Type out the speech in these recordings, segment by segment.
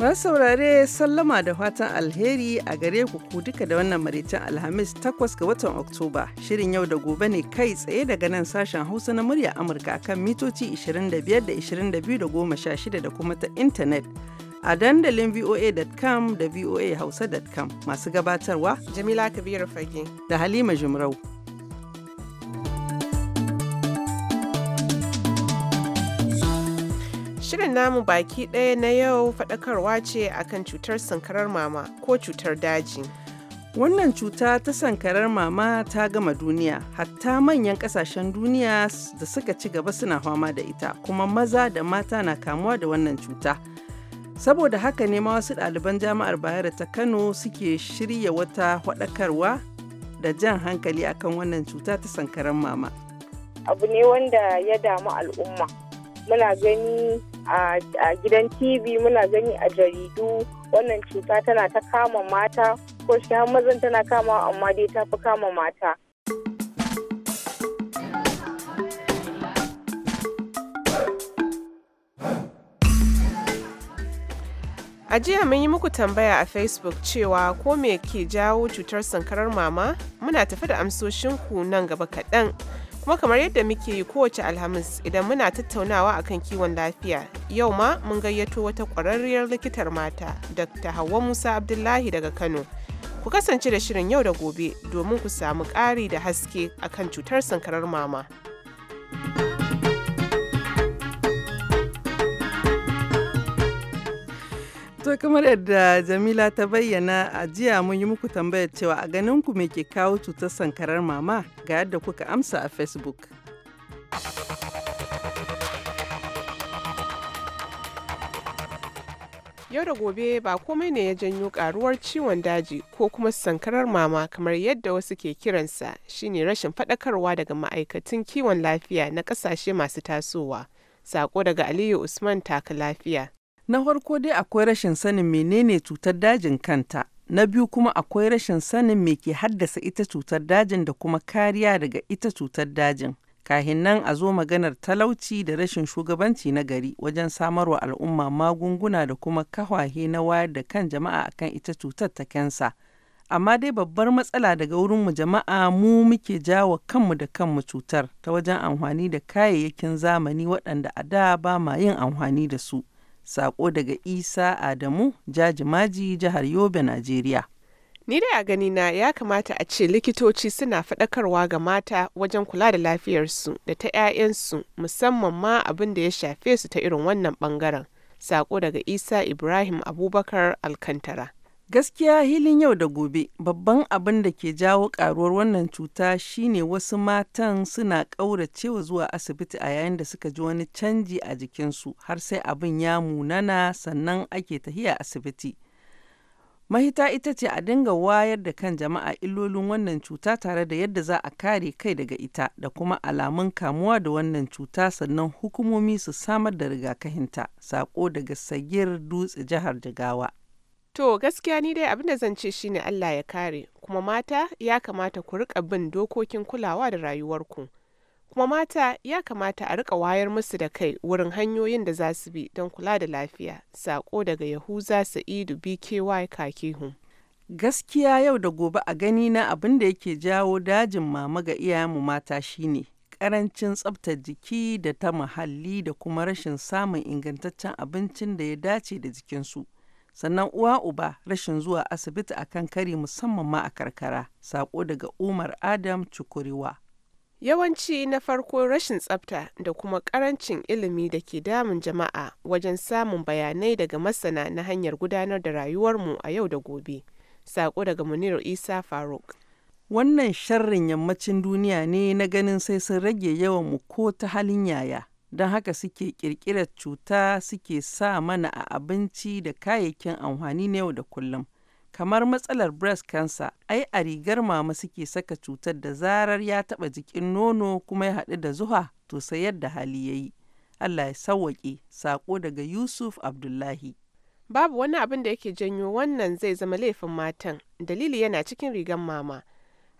Wani saurare sallama da fatan alheri a gare ku duka da wannan maraicin Alhamis takwas ga watan Oktoba. Shirin yau da gobe ne kai tsaye daga nan sashen Hausa na murya Amurka kan mitoci 25 da 22 da 16 da kuma ta intanet. A dandalin voa.com da voahausa.com masu gabatarwa Jamila Kabiru Fage da Halima Jumrau. Shirin namu baki ɗaya na yau faɗakarwa ce akan cutar sankarar mama ko cutar daji. Wannan cuta ta sankarar mama ta gama duniya, hatta manyan ƙasashen duniya da suka ci gaba suna fama da ita, kuma maza da mata na kamuwa da wannan cuta. Saboda haka ne ma wasu ɗaliban jami'ar Bayero ta Kano suke shirya wata faɗakarwa da jan hankali akan wannan cuta ta sankarar mama. Abu ne wanda ya damu al'umma. Muna gani a gidan tv muna gani a jaridu wannan cuta tana ta kama mata ko shi har mazan tana kama amma dai ta fi kama mata A jiya mun yi muku tambaya a Facebook cewa ko me ke jawo cutar sankarar mama? Muna tafi da amsoshinku nan gaba kaɗan. kuma kamar yadda muke yi kowace alhamis idan muna tattaunawa akan kiwon lafiya yau ma mun gayyato wata ƙwararriyar likitar mata dr hawa musa abdullahi daga kano ku kasance da shirin yau da gobe domin ku samu ƙari da haske akan cutar sankarar mama. To kamar yadda Jamila ta bayyana a jiya mun yi muku tambayar cewa a ganin ku me ke kawo cutar sankarar mama ga yadda kuka amsa a Facebook. Yau da gobe ba komai ne ya janyo karuwar ciwon daji ko kuma sankarar mama kamar yadda wasu ke kiransa shine rashin fadakarwa daga ma'aikatan kiwon lafiya na kasashe masu tasowa. Sako daga Aliyu Usman taka lafiya. Na farko dai akwai rashin sanin menene cutar dajin kanta, na biyu kuma akwai rashin sanin me ke haddasa ita cutar dajin da kuma kariya daga ita cutar dajin. Kahin nan a zo maganar talauci da rashin shugabanci na gari wajen samarwa al'umma magunguna da kuma kahwahe na wayar da kan jama'a akan ita cutar ta kensa. amma dai babbar matsala daga wurinmu jama'a mu muke jawo kanmu da kanmu cutar ta wajen amfani da kayayyakin zamani waɗanda a da ba ma yin amfani da su. Sako daga Isa Adamu, Jajimaji, jihar Yobe, Najeriya. Ni dai a ganina, ya kamata a ce likitoci suna faɗakarwa ga mata wajen kula da lafiyarsu da ta 'ya'yansu musamman ma abin da ya shafe su ta irin wannan ɓangaren. Sako daga Isa Ibrahim Abubakar Alkantara. Gaskiya hilin yau da gobe babban abin da ke jawo karuwar wannan cuta shine wasu matan suna ƙauracewa zuwa asibiti a yayin da suka ji wani canji a jikinsu har sai abin ya munana sannan ake tahiya asibiti. Mahita ita ce a dinga wayar da kan jama'a ilolin wannan cuta tare da yadda za a kare kai daga ita da kuma alamun kamuwa da wannan cuta sannan hukumomi su samar da rigakahinta. Sako daga Sagir Dutse jihar Jigawa. To gaskiya ni dai abin da zan ce shi ne Allah ya kare, kuma mata ya kamata ku riƙa bin dokokin kulawa da rayuwarku. Kuma mata ya kamata a riƙa wayar musu da kai wurin hanyoyin da za su bi don kula da lafiya. Saƙo daga Yahuza Sa'idu BKY kakehu Gaskiya yau da gobe a gani na abin da yake jawo dajin mama ga iyayenmu mata shine ƙarancin tsaftar jiki da ta muhalli da kuma rashin samun ingantaccen abincin da ya dace da jikinsu. su. sannan uwa uba rashin zuwa asibiti akan kari musamman ma a karkara sako daga umar adam cukuriwa yawanci na farko rashin tsafta da kuma karancin ilimi da ke damun jama'a wajen samun bayanai daga masana na hanyar gudanar da rayuwarmu a yau da gobe sako daga munir isa faruk wannan sharrin yammacin duniya ne na ganin sai sun rage yawan mu ko ta halin yaya don haka suke ƙirƙirar cuta suke sa mana a abinci da kayayyakin amfani na yau da kullum. Kamar matsalar breast cancer, ai a rigar mama suke saka cutar da zarar ya taɓa jikin nono kuma ya haɗu da zuha to sai yadda hali ya yi. Allah ya sawwaƙe, saƙo daga Yusuf Abdullahi. Babu wani abin da yake janyo wannan zai zama laifin matan, dalili yana cikin rigar mama.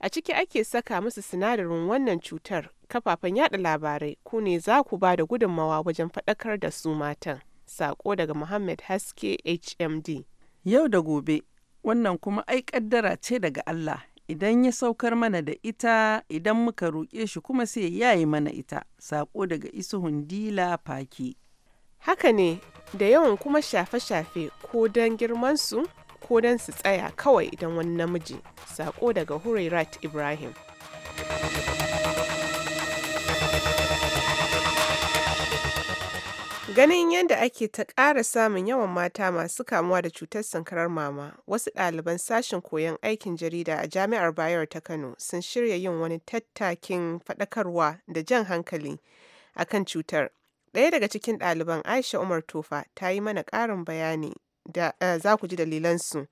A ciki ake saka musu sinadarin wannan cutar kafafen yada labarai ku ne za ku ba da gudunmawa wajen faɗakar da su matan. Sako daga Muhammad Haske HMD. Yau da gobe, wannan kuma ai kaddara ce daga Allah, idan ya saukar mana da ita idan muka roƙe shi kuma sai ya yi mana ita. Sako daga Isuhun Dila Faki. Haka ne, da yawan kuma shafe-shafe ko don girmansu ko don su tsaya kawai idan wani namiji. Sako daga Hurairat Ibrahim. Ganin yadda ake ta ƙara samun yawan mata masu kamuwa da cutar sankarar mama, wasu ɗaliban sashen koyon aikin jarida a Jami'ar Bayero ta Kano sun shirya yin wani tattakin faɗakarwa da jan hankali a kan cutar. Ɗaya daga cikin ɗaliban Aisha Umar Tofa ta yi mana ƙarin bayani da eh, za ku ji dalilansu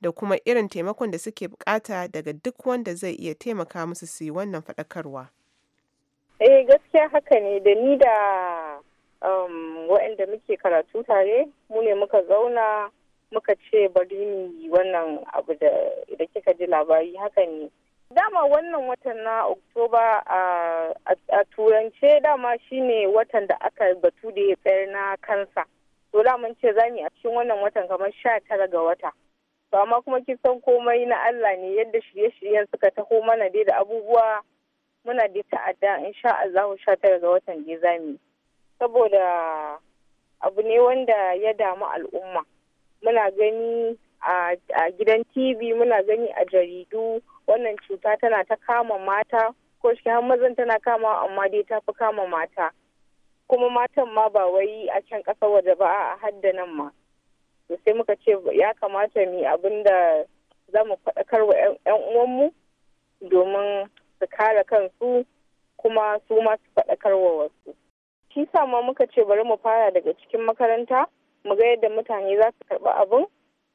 da kuma irin taimakon da suke bukata daga duk wanda zai iya taimaka musu su yi wannan faɗakarwa. Eh gaskiya haka ne da ni da Um, waɗanda muke karatu tare mu ne muka zauna muka ce bari ni wannan abu da kika ji labari haka ne dama wannan watan na oktoba a turance dama shine watan da aka batu da ya tsayar na kansa to mun ce za mu a cikin wannan watan kamar sha tara ga wata to amma kuma kin san komai na Allah ne yadda shirye-shiryen suka taho mana dai da abubuwa muna da ta'adda in sha Allah sha tara ga watan dai za mu saboda abu ne wanda ya damu al'umma muna gani a gidan tv muna gani a jaridu wannan cuta tana ta kama mata ko shi har mazan tana kama amma dai ta fi kama mata kuma matan ma ba wai a can ƙasa waje ba a hadda nan ma to sai muka ce ya kamata mu abin da za mu faɗakar wa 'yan uwanmu domin su kare kansu kuma su ma su faɗakar wa wasu shi sama ma muka ce bari mu fara daga cikin makaranta mu ga yadda mutane za su karɓi abin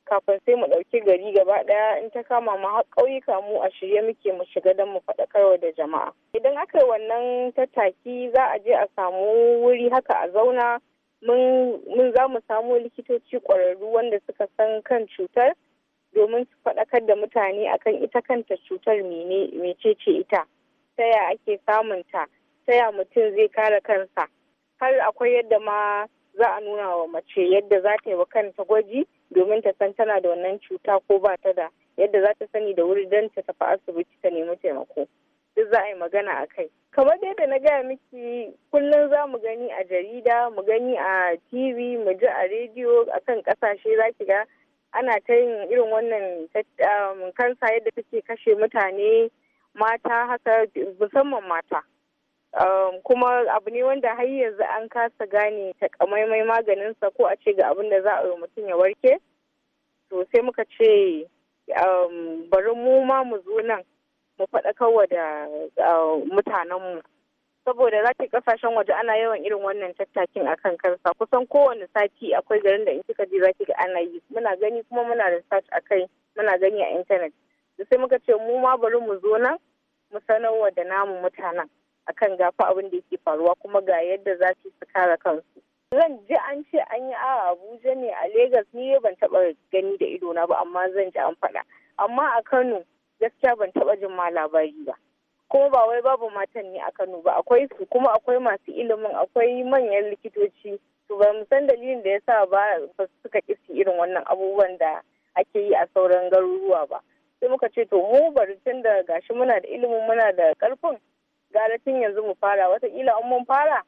kafin sai mu ɗauki gari gaba ɗaya in ta kama mu har ƙauyuka mu a shirye muke mu shiga don mu faɗakarwa da jama'a idan aka yi wannan tattaki za a je a samu wuri haka a zauna mun za mu samu likitoci ƙwararru wanda suka san kan cutar domin su faɗakar da mutane akan ita kanta cutar ce ita ta ya ake samunta ta ya mutum zai kare kansa har akwai yadda ma za a nuna wa mace yadda za ta yi wa kanta gwaji domin ta san tana da wannan cuta ko ba ta da yadda za ta sani da wuri don ta tafi asibiti ta nemi taimako duk za a yi magana a kai kamar dai da na gaya miki kullum za mu gani a jarida mu gani a tv mu ji a rediyo a kan kasashe za ki ga ana ta yin irin wannan um, kansa yadda take kashe mutane mata haka musamman mata Um, kuma abu ne wanda har yanzu an kasa gane takamaimai maganinsa ko a ce ga abin da za a yi mutum ya warke to sai muka ce um, bari mu ma mu zo nan mu faɗakarwa da uh, mutanenmu saboda za ta kasashen waje ana yawan irin wannan tattakin a kan kansa kusan kowane sati akwai garin da in kika je za ki ga ana yi muna gani kuma muna research a kai muna gani a intanet sai muka ce mu ma bari mu zo nan mu sanarwa da namu mutanen akan gafa abin da yake faruwa kuma ga yadda za su su kare kansu zan ji an ce an yi a abuja ne a Legas ni ban taɓa gani da ido na ba amma zan ji an faɗa amma a kano gaskiya ban taba jin ma labari ba kuma ba wai babu matan ne a kano ba akwai su kuma akwai masu ilimin akwai manyan likitoci to ba mu san dalilin da ya yasa ba suka kisi irin wannan abubuwan da ake yi a sauran garuruwa ba sai muka ce to mu bari tun da gashi muna da ilimin muna da karfin gara tun yanzu mu fara watakila an mun fara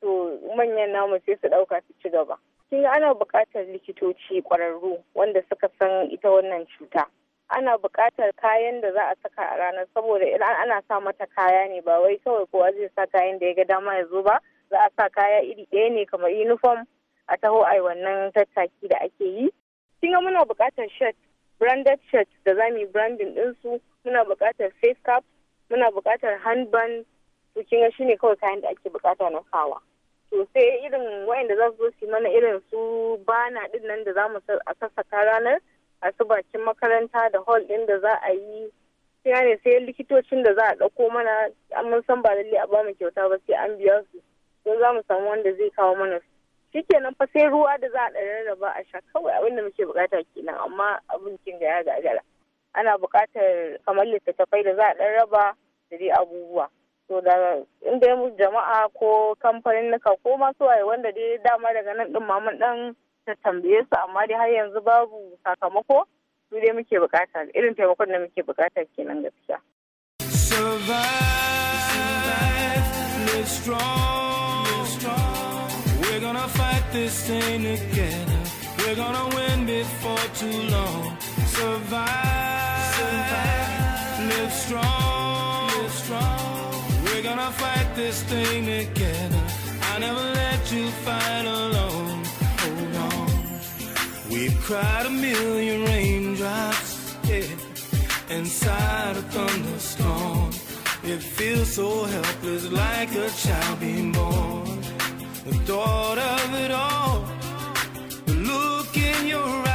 to manyan namu sai su ɗauka su ci gaba kin ana buƙatar likitoci ƙwararru wanda suka san ita wannan cuta ana buƙatar kayan da za a saka a ranar saboda idan ana sa mata kaya ne ba wai kawai kowa zai sa kayan da ya ga dama ya zo ba za a sa kaya iri ɗaya ne kamar uniform a taho a wannan tattaki da ake yi kin muna buƙatar shirt branded shirt da za mu yi branding ɗinsu muna buƙatar face cap muna buƙatar handband to shi ne kawai kayan da ake bukata na kawa to sai irin wayanda za su zo su mana irin su bana din nan da za mu sassaka ranar a su bakin makaranta da hall din da za a yi sai sai likitocin da za a ɗauko mana mun san ba lalle a ba mu kyauta ba sai an biya su don za mu samu wanda zai kawo mana su shikenan fa sai ruwa da za a ɗan rarraba a sha kawai abinda da muke bukata kenan amma abin kin ga ya gagara ana buƙatar kamar littattafai da za a ɗan raba da dai abubuwa to da inda ya jama'a ko kamfanin nuka ko masu waye wanda dai dama daga nan ɗin mamun ɗan ta tambaye su amma dai har yanzu babu sakamako su dai muke bukata irin taimakon da muke bukata kenan gaskiya. We're We're gonna win before too long. Survive. live strong, live strong. We're gonna fight this thing together. I never let you fight alone. Hold on. We've cried a million raindrops, yeah, inside a thunderstorm. It feels so helpless, like a child being born. The thought of it all, the look in your eyes.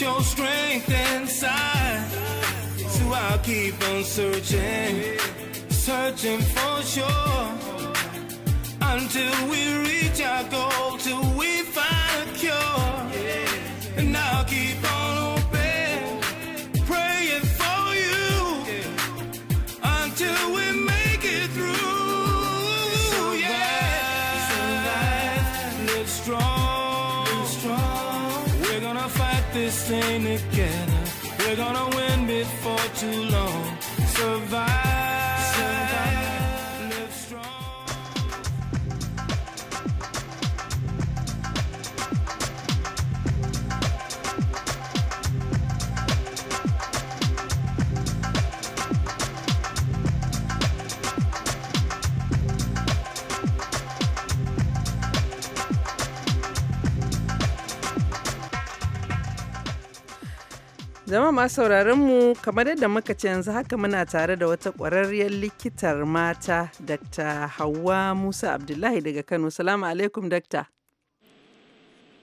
your strength inside. So I'll keep on searching, searching for sure. Until we reach our goal, till we zama masu sauraronmu kamar yadda muka ce yanzu haka muna tare da wata ƙwararriyar likitar mata Dr. Hauwa Musa Abdullahi daga Kano. Salamu alaikum Dr.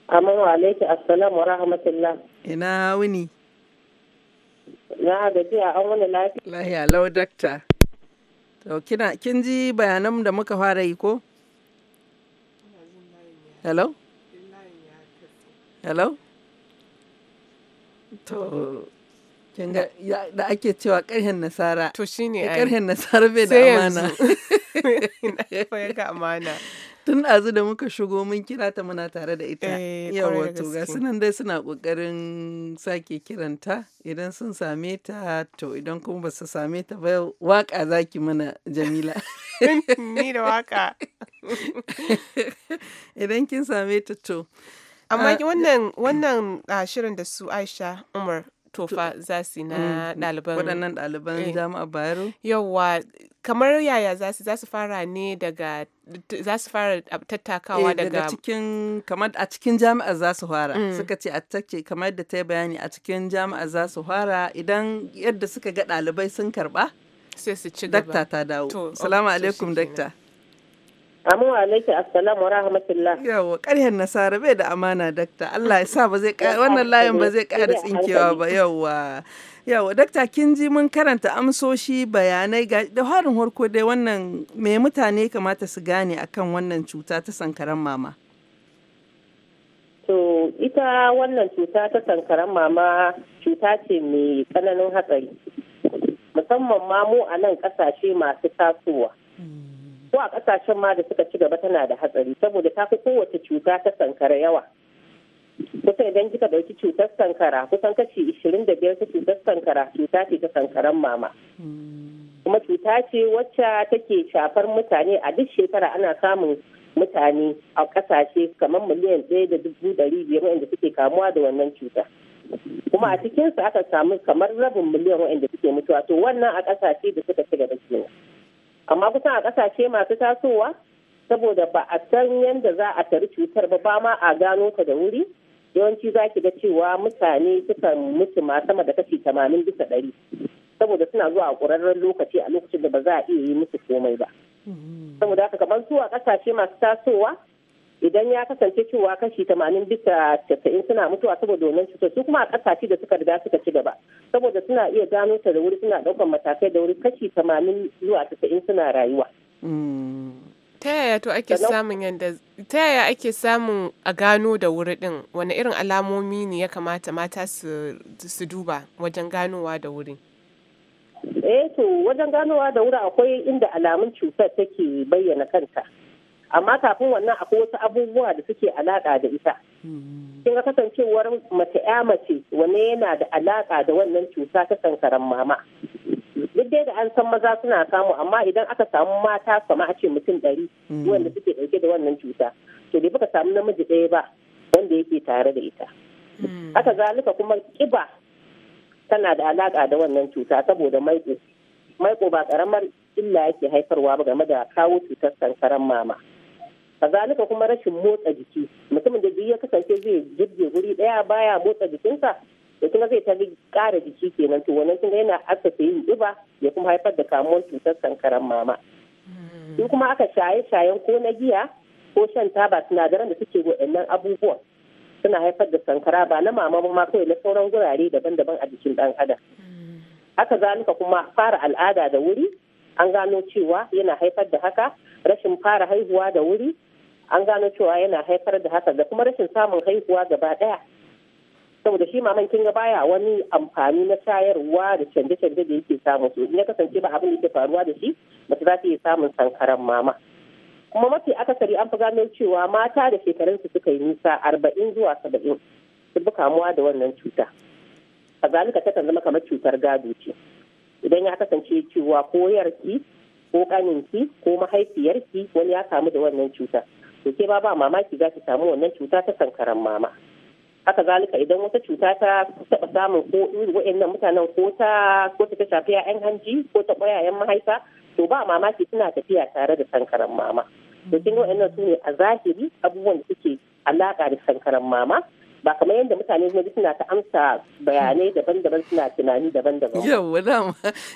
amin wa alaiki assalam wa rahmatullah. Ina wuni. Na gajiya an wani lafiya. Lahiya lau dokta. To kina kin ji bayanan da muka fara yi ko? Hello? Hello? To. da ake cewa ƙarhen nasara. To shine ai. Ƙarhen nasara bai da amana. Sai yanzu. amana. Tun azu da muka shigo mun kira ta muna tare da ita. Eh, Yawa wato ga sunan dai suna ƙoƙarin sake kiranta idan sun same ta to idan kuma ba su same ta ba waka zaki mana Jamila. Ni da waka. Idan kin same ta to. amma ah, wannan wannan ah, shirin da su aisha umar tofa za su na mm, ɗaliban waɗannan ɗaliban eh. jami'a bayero yawa kamar yaya za su za su fara ne daga za su fara tattakawa eh, daga cikin kamar a cikin jami'a za su fara mm. suka ce a take kamar da ta yi bayani a cikin jami'a za su fara idan yadda suka ga ɗalibai sun karɓa sai su ci gaba dakta ta dawo salamu alaikum dakta Amin alaikum assalamu wa rahmatullah. Yawa ƙaryar nasara bai da amana dakta. Allah ya sa ba zai wannan layin ba zai ƙara tsinkewa ba yawa. Yawa dakta kin ji mun karanta amsoshi bayanai ga da harin harko dai wannan me mutane kamata su gane akan wannan cuta ta sankaran mama. To ita wannan cuta ta sankaran mama cuta ce mai tsananin hatsari. Musamman ma mu a nan ƙasashe masu tasowa. Hmm. ko a kasashen ma da suka ci gaba tana da hatsari saboda ta fi kowace cuta ta sankara yawa kusa idan kika dauki cutar sankara kusan kashi ishirin da biyar ta cutar sankara cuta ce ta sankaran mama kuma cuta ce wacce take shafar mutane a duk shekara ana samun mutane a kasashe kamar miliyan ɗaya da dubu ɗari biyar wanda suke kamuwa da wannan cuta kuma a cikinsu aka samu kamar rabin miliyan wanda suke mutuwa to wannan a kasashe da suka ci gaba kenan amma kusan a kasashe masu tasowa saboda ba a san yadda za a tari cutar ba ba ma a gano ta da wuri yawanci za ki ga cewa mutane sukan mutu ma sama da kashi tamanin bisa ɗari saboda suna zuwa a ƙurarren lokaci a lokacin da ba za a iya yi musu komai ba mm-hmm. saboda haka kamar zuwa ƙasashe masu tasowa idan ya kasance cewa kashi tamanin bisa casa'in suna mutuwa saboda wannan cutar su kuma a kasashe da suka riga suka ci gaba saboda suna iya gano ta da wuri suna daukan matakai da wuri kashi tamanin zuwa casa'in suna rayuwa. Mm. ta yaya to ake samun yadda ta yaya ake samun a gano da wuri din wani irin alamomi ne ya kamata mata su duba wajen ganowa da wuri eh to wajen ganowa da wuri akwai inda alamun cutar take bayyana kanta amma kafin wannan akwai wasu abubuwa da suke alaƙa da ita hmm. kin ga kasancewar mace ya mace wane yana da alaƙa da wannan cuta ta sankaran mama duk dai da an san maza suna samu amma idan aka samu mata kama a ce mutum ɗari hmm. wanda suke ɗauke da wannan cuta to bai baka samu namiji ɗaya ba wanda yake tare da ita hmm. haka zalika kuma ƙiba tana da alaka da wannan cuta saboda maiƙo maiƙo ba ƙaramar illa yake haifarwa ba game da kawo cutar sankaran mama. kazalika kuma rashin motsa jiki mutumin da ya kasance zai jirge guri daya baya motsa jikinsa da kuma zai tafi kara jiki kenan to wannan kinga yana asasa yin diba ya kuma haifar da kamuwar cutar sankaran mama in kuma aka shaye shayen ko na giya ko shan taba sinadaran da suke wa'annan abubuwan suna haifar da sankara ba na mama ba ma kawai na sauran gurare daban-daban a jikin dan adam haka zalika kuma fara al'ada da wuri an gano cewa yana haifar da haka rashin fara haihuwa da wuri an gano cewa yana haifar da haka da kuma rashin samun haihuwa gaba daya saboda shi maman kin ga baya wani amfani na tayarwa da canje-canje da yake samu su ya kasance ba abin da yake faruwa da shi mace za ta iya samun sankaran mama kuma mafi akasari an fi gano cewa mata da shekarunsu suka yi nisa arba'in zuwa saba'in su bi kamuwa da wannan cuta kazalika takan zama kamar cutar gado ce idan ya kasance cewa ko yarki ko kaninki ko mahaifiyarki wani ya kamu da wannan cuta to ke ba ba mamaki za ki samu wannan cuta ta sankaran mama haka zalika idan wata cuta ta taba samun ko waɗannan mutanen ko ta ko ta shafi yayan hanji ko ta ƙwayayen mahaifa to ba mamaki suna tafiya tare da sankaran mama to kin waɗannan su ne a zahiri abubuwan da suke alaƙa da sankaran mama ba kamar yadda mutane kuma suna ta amsa bayanai daban-daban suna tunani daban-daban. Yawwa dama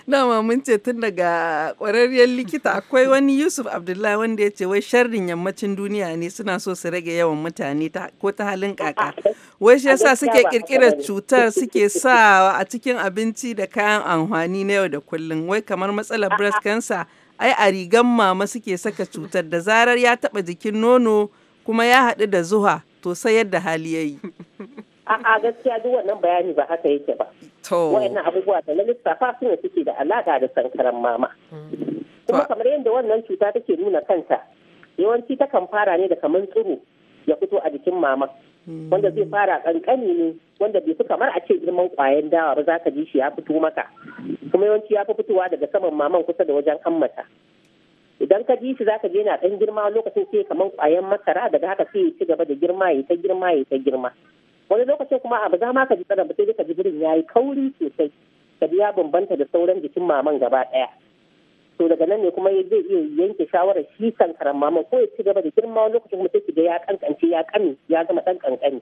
dama mun ce tun daga ƙwararriyar likita akwai wani Yusuf Abdullahi wanda ya ce wai sharrin yammacin duniya ne suna so su rage yawan mutane ko ta halin kaka. Wai shi yasa suke kirkira cutar suke sa a cikin abinci da kayan amfani na yau da kullum wai kamar matsalar breast cancer ai a rigan mama suke saka cutar da zarar ya taɓa jikin nono kuma ya haɗu da zuwa. to sai yadda hali ya yi. A'a gaskiya duk wannan bayani ba haka yake ba. To. Wa'annan abubuwa da na lissafa ne suke da alaƙa da sankaran mama. Kuma kamar yadda wannan cuta take nuna kanta yawanci ta kan fara ne da kamar tsiro ya fito a jikin mama. Hmm. Wanda zai fara ƙanƙani ne wanda bai fi kamar a ce girman kwayan dawa ba za ka ji shi ya fito maka. Kuma yawanci ya fi fitowa daga saman maman kusa da wajen hammata. idan ka ji shi zaka je na dan girma lokacin sai kamar kwayan masara daga haka sai ya ci gaba da girma ya ta girma ya ta girma wani lokacin kuma abu za ma ka ji tsara sai ka ji birin yayi kauri sosai ka ya bambanta da sauran jikin maman gaba daya to daga nan ne kuma zai iya yanke shawarar shi kankaran maman ko ya ci gaba da girma wani lokacin kuma sai ga ya kankance ya kame ya zama dan kankani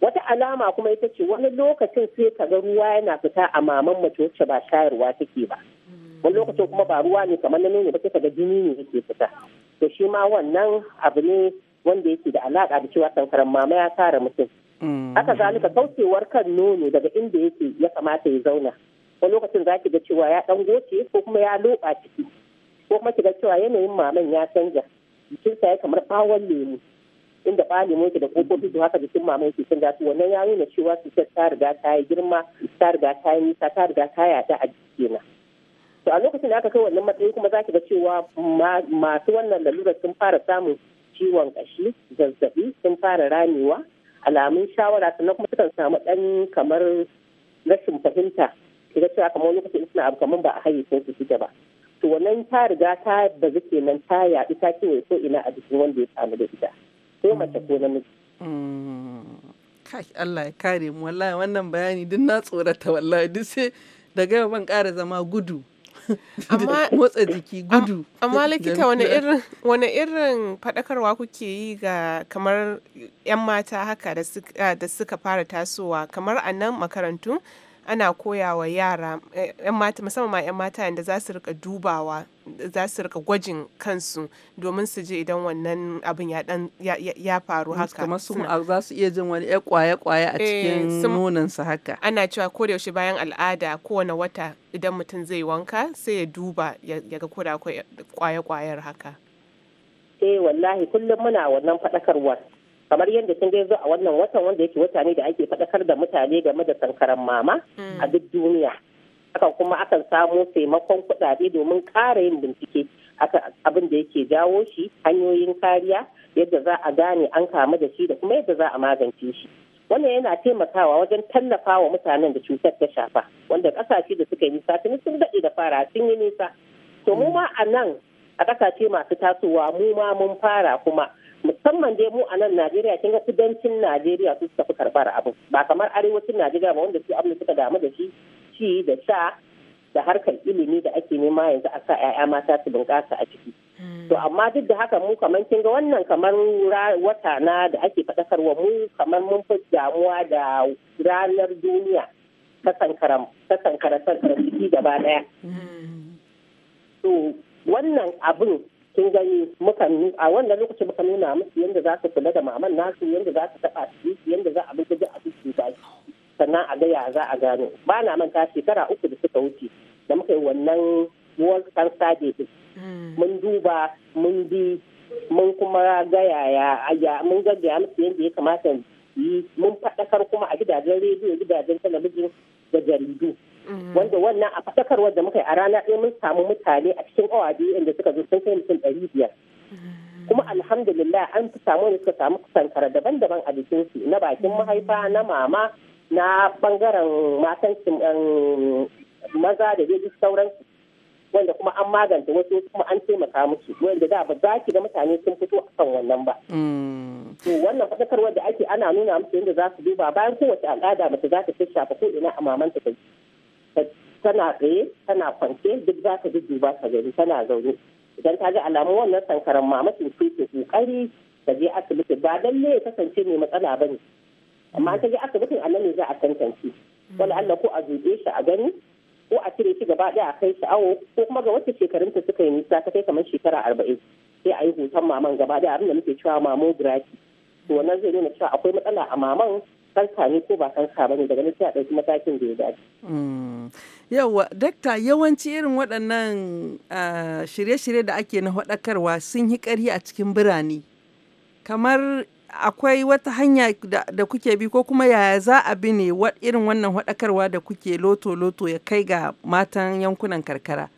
wata alama kuma ita ce wani lokacin sai ka ga ruwa yana fita a maman mace wacce ba shayarwa take ba wani lokacin kuma ba ruwa ne kamar na nono ba sai kaga jini ne yake fita to shi ma wannan abu ne wanda yake da alaka da cewa sankaran mama ya tara mutum mm. aka zalika kaucewar kan nono daga inda yake ya kamata ya zauna wani lokacin za ki ga cewa ya dan goce ko kuma ya loba ciki ko kuma ki ga cewa yanayin maman ya canja jikinsa ya kamar bawon lemu inda ba lemu yake da kofofi to haka jikin maman yake canja su wannan ya nuna cewa su ta riga ta yi girma ta riga ta yi nisa ta riga ta yada a jikina. to a lokacin da aka kai wannan matsayi kuma zaki ga cewa masu wannan lalurar sun fara samun ciwon kashi zazzabi sun fara ramewa alamun shawara sannan kuma sukan samu ɗan kamar rashin fahimta kiga cewa kamar lokacin suna abu kamar ba a sun su ba to wannan ta riga ta zuke nan ta yaɗu ta kewaye ko ina a jikin wanda ya samu da ita ko mm. mace ko namiji mm. Allah ya kare mu wallahi wannan bayani duk na tsorata wallahi duk sai daga yau ban ƙara zama gudu amma motsa jiki gudu amma likita wani irin wani irin fadakarwa kuke yi ga kamar yan mata haka da suka fara tasowa kamar a nan makarantu ana koya wa yara yan eh, mata musamman ma yan mata yanda za su rika dubawa za su rika gwajin kansu domin su je idan wannan abin ya dan ya faru haka kuma su za su iya jin wani ya kwaye kwaye a eh, cikin nonon su haka ana cewa ko da yaushe bayan al'ada kowane wata idan mutum zai wanka sai ya duba ya ga ko da akwai kwaye kwayar haka eh wallahi kullum muna wannan fadakarwar kamar yadda kin zo a wannan watan wanda yake wata ne da ake faɗakar da mutane game da sankaran mama a duk duniya hakan kuma akan samo taimakon kuɗaɗe domin ƙara yin bincike abin da yake jawo shi hanyoyin kariya yadda za a gane an kamu da shi da kuma yadda za a magance shi wannan yana taimakawa wajen tallafa wa mutanen da cutar ta shafa wanda ƙasashe da suka yi nisa tuni sun daɗe da fara sun yi nisa to mu ma a nan a ƙasashe masu tasowa mu ma mun fara kuma musamman dai mu a nan Najeriya kin ga kudancin Najeriya su suka fi karbar abu ba kamar arewacin Najeriya ba wanda su abin suka damu da shi ci da sha da harkar ilimi da ake nema yanzu a sa 'ya'ya mata su bunƙasa a ciki. Hmm. To amma duk da haka mu kamar kin wannan kamar wata na da ake faɗakarwa mu kamar mun fi damuwa da ranar duniya ta sankara ciki gaba ɗaya. Hmm. To wannan abin kin gani mukan a wannan lokacin muka nuna musu yadda za su kula da maman nasu yadda za su taɓa su yadda za a bi ji a su ba sannan a gaya ya za a gano ba na manta shekara uku da suka wuce da muka yi wannan world cancer day hmm. mun duba mun bi mun kuma ga yaya mun ga musu yadda ya kamata yi mun faɗakar kuma a gidajen rediyo gidajen talabijin da jaridu Mm-hmm. wanda wannan a fasakarwar da muka yi a rana ɗaya mun samu mutane a cikin awa biyu inda suka zo sun kai mutum ɗari biyar mm-hmm. kuma alhamdulillah an fi samu da suka samu sankara daban-daban a su na bakin mm-hmm. mahaifa na mama na bangaren matan maza da dai duk sauransu wanda kuma an magance wasu kuma an taimaka musu wanda da ba za ki ga mutane sun fito a kan wannan ba. Mm. To wannan faɗakarwar da ake ana nuna musu yadda za su duba bayan kowace al'ada mace za ta shafa ko ina a mamanta ta tana tsaye tana kwance duk za ka duba ka gani tana zaune idan ta ga alamun wannan sankaran mamakin sai ke kokari ta je asibiti ba lalle ya kasance mai matsala bane amma ta je asibitin a ne za a tantance wani Allah ko a duke shi a gani ko a cire shi gaba ɗaya a kai shi awo ko kuma ga shekarun ta suka yi nisa ta kai kamar shekara arba'in sai a yi hoton maman gaba ɗaya abin da muke cewa mamografi to wannan zai nuna cewa akwai matsala a maman kanka ne ko ba karka ba ne daga nan a ɗauki matakin da ya dace. Mm. Yawwa, dakta yawanci irin waɗannan ah, shirye-shirye da ake na haɗakarwa sun yi ƙari a cikin birane. Kamar akwai wata hanya da kuke bi ko kuma yaya za a bi ne irin wannan haɗakarwa da kuke loto-loto ya kai ga matan yankunan karkara?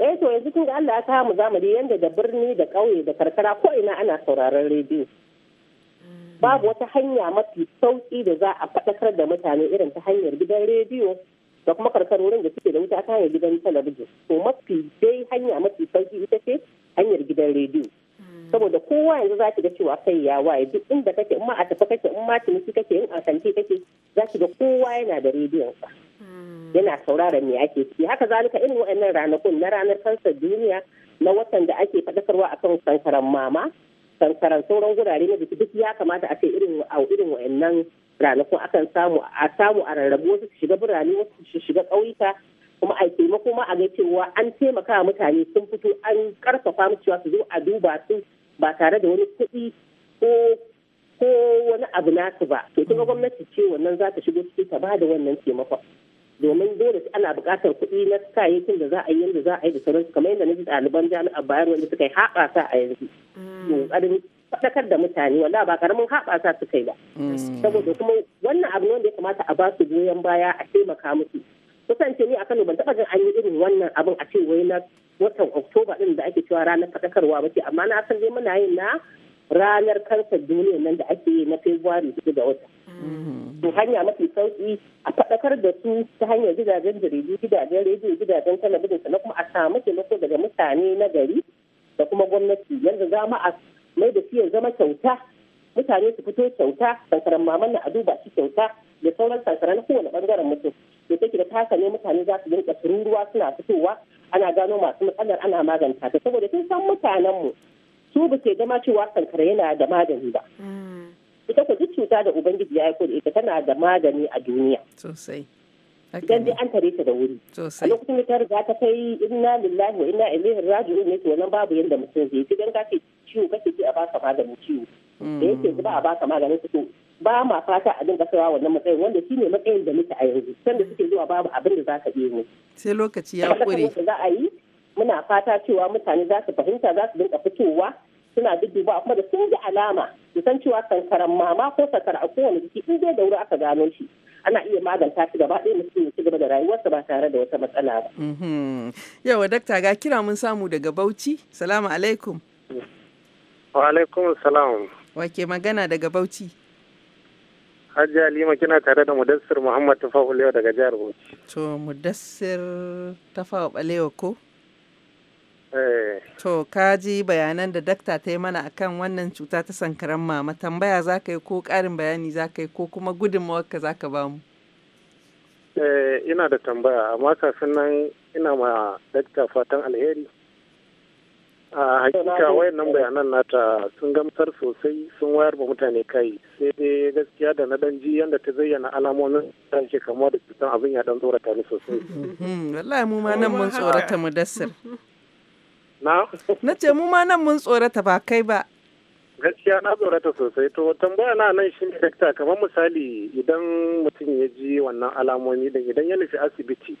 Eh to yanzu kun ga Allah ya kawo mu zamani yanda da birni da ƙauye da karkara ko ina ana sauraron rediyo. babu wata hanya mafi sauki da za a faɗakar da mutane irin ta hanyar gidan rediyo da kuma karkarorin da suke da wuta ta hanyar gidan talabijin to mafi dai hanya mafi sauki ita ce hanyar gidan rediyo saboda kowa yanzu za ki ga cewa kai ya waye duk inda kake in ma a tafi kake in ma ciniki kake in a kanti kake za ki ga kowa yana da rediyon sa hmm. yana sauraron me ake ciki haka zalika irin waɗannan ranakun na ranar kansar duniya na watan da ake faɗakarwa akan sankaran mama sankaran sauran gurare na jiki duk ya kamata a ce irin a irin wayannan ranakun akan samu a samu a rarrabu wasu su shiga birane wasu su shiga ƙauyuka kuma a taimako ma a ga cewa an taimaka mutane sun fito an karfafa musu cewa su zo a duba su ba tare da wani kuɗi ko ko wani abu nasu ba to kuma mm. gwamnati ce wannan za ta shigo ciki ta ba da wannan taimakon domin dole ana bukatar kuɗi na kayayyakin da za a yi yadda za a yi da sauransu kamar yadda na ji ɗaliban jami'a bayan wanda suka yi haɓasa a yanzu mm. ƙoƙarin faɗakar da mutane wanda ba karamin haɓasa suka yi ba mm. saboda kuma wannan abu ne wanda ya kamata a ba su goyon baya a taimaka musu kusance ni a Kano ban taɓa jin an yi irin wannan abin a ce wai na watan Oktoba ɗin da ake cewa ranar faɗakarwa ba ce amma na san dai muna yin na ranar karfar duniya nan da ake yi na february hudu da wata mm-hmm. to hanya mafi sauki a faɗakar da su ta hanyar gidajen jaridu gidajen rediyo gidajen talabijin sana kuma a samu taimako daga mutane na gari da kuma gwamnati yanzu za mu a mai da fiye zama kyauta mutane su fito kyauta sankaran maman na a duba shi kyauta da sauran sankaran kowane bangaren mutum da take da taka ne mutane za su rinka tururuwa suna fitowa ana gano masu matsalar ana maganta ta saboda sun san mutanen mu. su ba ke gama cewa sankara yana da magani ba mm. ita ku duk cuta da ubangiji ya ko da ita tana da magani a duniya sosai idan dai an tare ta da wuri a lokacin da ta riga ta kai inna lillahi wa inna ilaihi raji'un ne wannan babu yanda mutum zai yi idan kake ciwo kake ci a baka maganin ciwo da mm. yake zuba a baka maganin ciwo ba ma fata a dinga kaiwa wannan matsayin wanda shine matsayin da muke a yanzu sanda suke zuwa babu abin da za ka iya mu sai lokaci ya kure za a yi muna fata cewa mutane za su fahimta za su dinka fitowa suna a kuma da sun ji alama su san cewa sankaran mama ko sankara a kowane jiki in dai da wuri aka gano shi ana iya maganta shi gaba ɗaya mutum ya ci gaba da rayuwarsa ba tare da wata matsala ba. Mhm. Yawa dakta ga kira mun samu daga Bauchi. Salamu alaikum. Wa alaikum salam. Wake magana daga Bauchi. Hajji Halima kina tare da Mudassir Muhammad Tafawa Balewa daga jihar Bauchi. To Mudassir Tafawa Balewa ko? Eh. To, ka ji bayanan da dakta ta yi mana akan wannan cuta ta sankaran mama tambaya za ka yi ko ƙarin bayani za ka yi ko kuma gudunmawarka za ka ba mu. Eh, ina da tambaya, amma kafin nan ina ma dakta fatan alheri. A hakika wayannan bayanan nata sun gamsar sosai sun wayar ba mutane kai sai dai gaskiya da na dan ji yadda ta zayyana alamomin da ke kamuwa da cutar abin ya dan tsorata ni sosai. Mhm. Wallahi mu ma nan mun tsorata mu dasir. Na ce mu ma nan mun tsorata ba kai ba. Gaskiya na tsorata sosai to tambaya na nan shi dakta kamar misali idan mutum ya ji wannan alamomi da idan ya nufi asibiti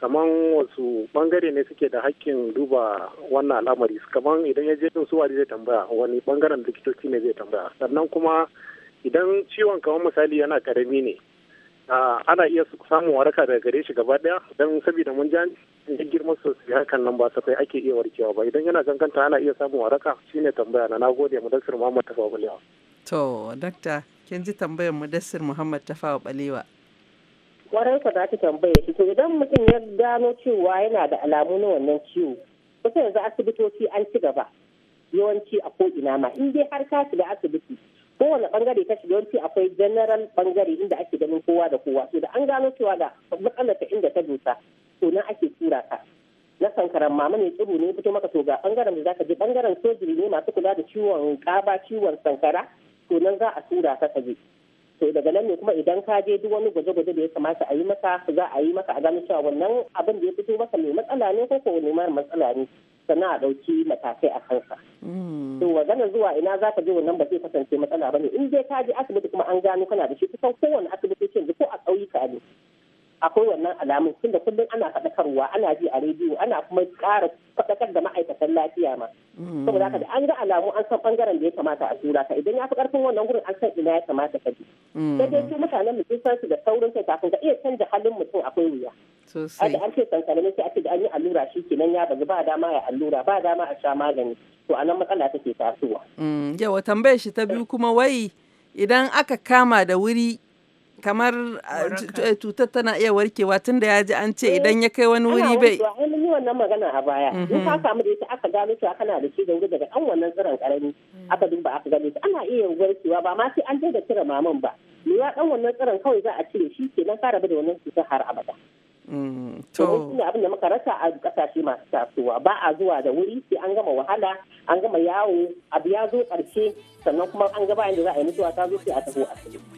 kamar wasu bangare ne suke da hakkin duba wannan al'amari kamar idan ya je su zai tambaya wani bangaren likitoci ne zai tambaya sannan kuma idan ciwon kamar misali yana karami ne ana iya samun waraka daga gare shi gaba daya don saboda mun ja ya girma sosai hakan nan ba sai ake iya warkewa ba idan yana ganganta ana iya samun waraka shine tambaya na nagode mu dasir muhammad tafawa balewa to dakta kin ji tambayar mu dasir muhammad tafawa balewa kwarai ka za ta tambaye shi to idan mutum ya gano cewa yana da alamu na wannan ciwo kusa yanzu asibitoci an ci gaba yawanci a ko ina ma in dai har ka shiga asibiti kowane bangare ta shiga yawanci akwai general bangare inda ake ganin kowa da kowa to da an gano cewa da matsalar ta inda ta dusa to nan ake tura ka na sankaran mama ne tsiru ne fito maka to ga bangaren da zaka je bangaren sojiri ne masu kula da ciwon kaba ciwon sankara to nan za a tura ka ka je to daga nan ne kuma idan ka je duk wani gwaje-gwaje da ya kamata a yi maka za a yi maka a gano cewa wannan abin da ya fito maka mai matsala ne ko ko mara matsala ne sannan a ɗauki matakai a kansa. Hmm. To magana zuwa ina za ka je wannan ba zai kasance matsala ba ne in dai ka je asibiti kuma an gano kana da shi kusan kowane asibiti ce ko a ƙauyuka ne akwai wannan alamun tun da kullum ana faɗakarwa ana ji a rediyo ana kuma ƙara faɗakar da ma'aikatan lafiya ma mm. saboda haka da an ga alamu an san bangaren da ya kamata a tura ka idan ya fi ƙarfin wannan gurin an san ina ya kamata ka bi mm. sai dai su mutanen mutum san su da saurin kai kafin ka iya canza halin mutum akwai wuya a da an ce sansanin sai a ce da an yi allura shi kenan ya bazu ba dama ya allura ba dama a sha magani to a nan matsala take tasowa mm. yawa tambayar shi ta biyu kuma wai idan aka kama da wuri kamar eh, cutar tana iya warkewa tun da ya ji an ce eh, idan ya kai wani wuri bai ana yi wannan magana a baya in ka mhm. samu da ita aka gano cewa kana da shi da wuri daga ɗan wannan tsiron karami mm. aka duba aka gano ta ana iya warkewa ba ma sai an je da cire maman ba me ya ɗan wannan tsiron kawai za a cire shi ke nan fara da wannan cutar har abada mm, to abin da muka rasa a kasashe masu tasowa ba a zuwa da wuri sai an gama wahala an gama yawo abu ya zo ƙarshe sannan kuma an gaba yadda za a yi mutuwa ta zo sai a taho asibiti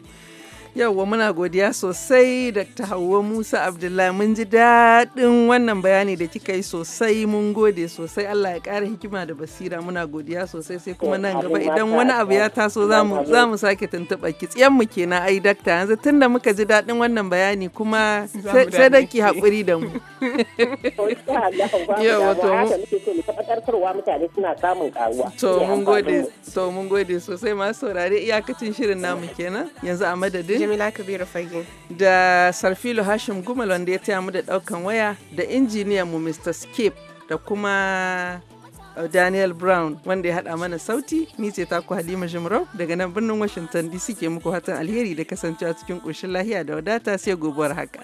Yauwa muna godiya sosai Dr. Hauwa Musa Abdullahi mun ji daɗin wannan bayani da kika yi sosai mun gode sosai Allah ya ƙara hikima da basira muna godiya sosai sai kuma nan gaba idan wani abu ya taso za mu sake tuntuɓa ki tsiyan mu kenan ai dakta yanzu tunda muka ji daɗin wannan bayani kuma sai da ki haƙuri da mu. to mu. to mun gode sosai masu saurare iyakacin shirin namu kenan yanzu a madadin. jamila kabiru fage da sarfilo hashim gumal wanda ya taya mu da daukan waya da injiniyan mu mr scape da kuma uh, Daniel Brown wanda ya haɗa mana sauti ni ce taku Halima Jimrau daga nan birnin Washington DC ke muku hatan alheri da kasancewa cikin ƙoshin lahiya da wadata sai gobuwar haka.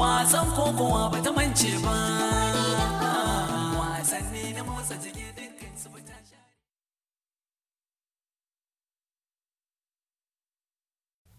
Wasan kokowa ba ta mance ba, ne na motsa jiki.